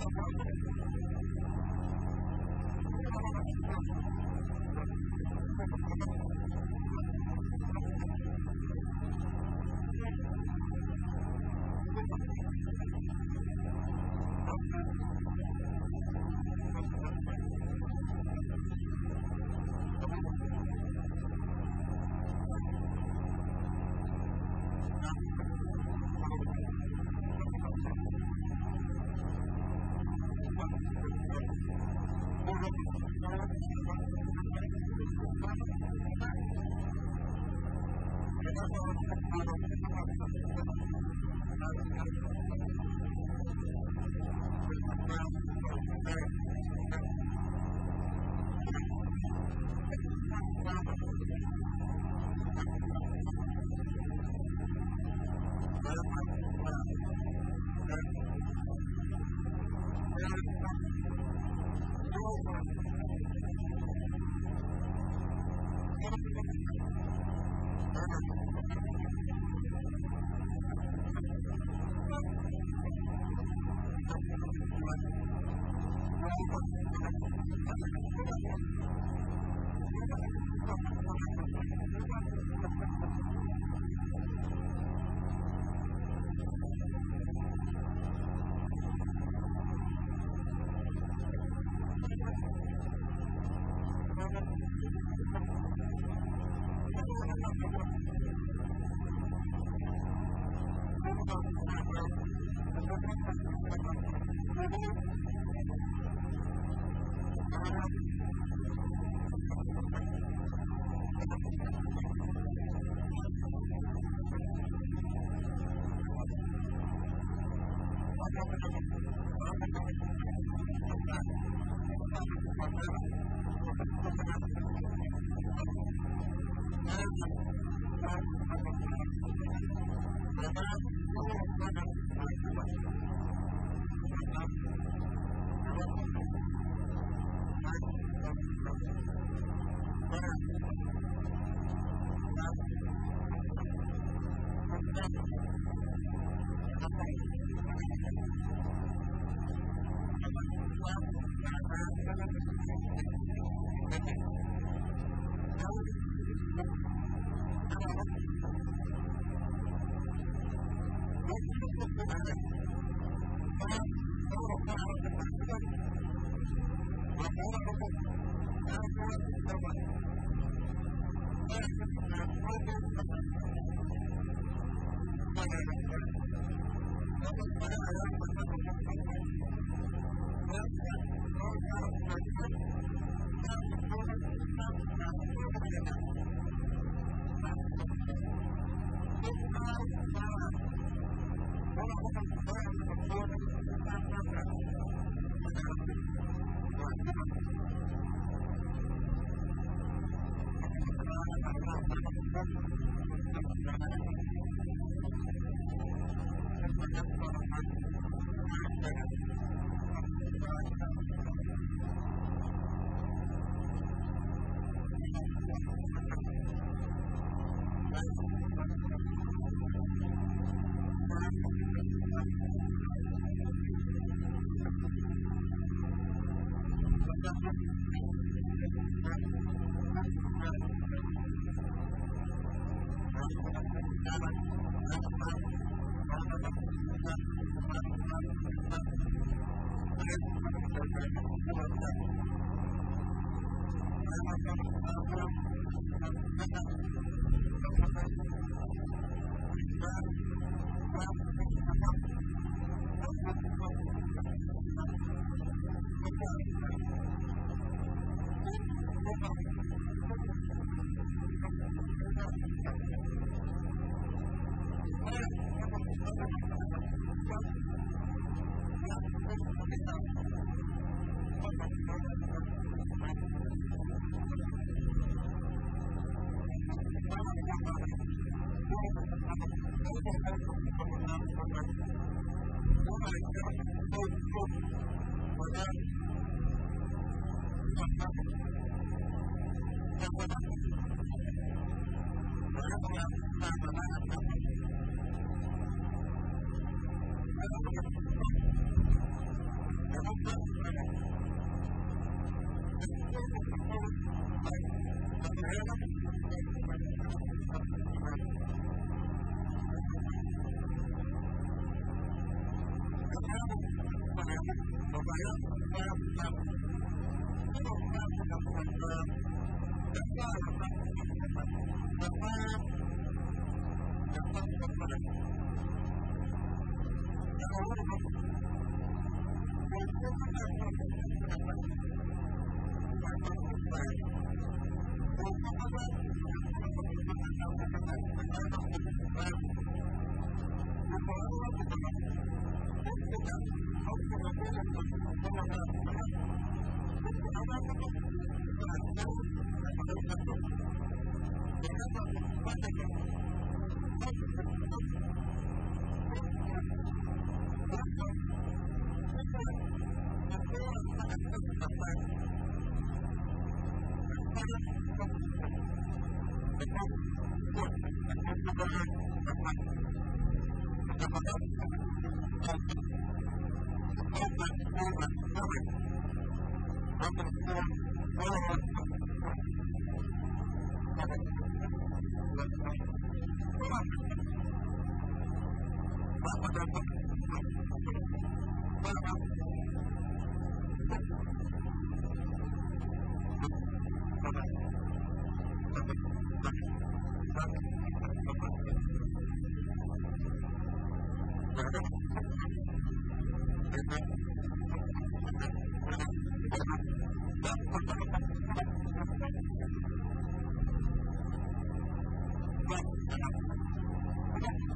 Thank you. I'm I'm I'm going going going to to to to to to go go go the the Thank you.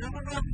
Thank you.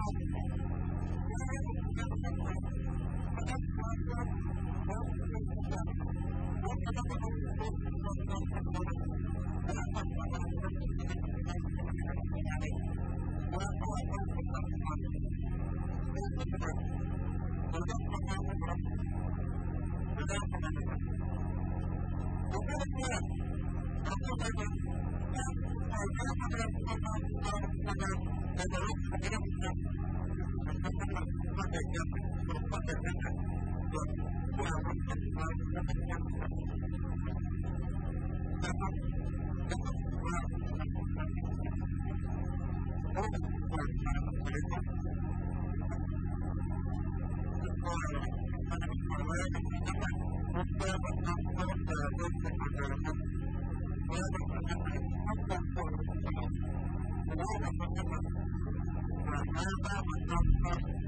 Thank you. memegang kepada kita dan walaupun kita memegang dapat dapat Thank you.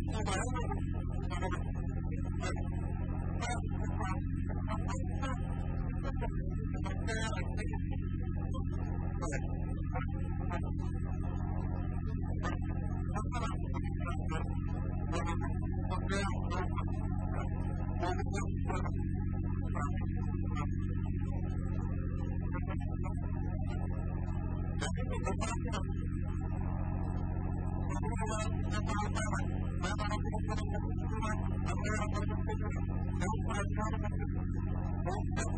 バイバイ。Thank you.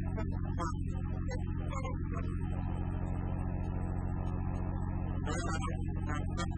Thank you.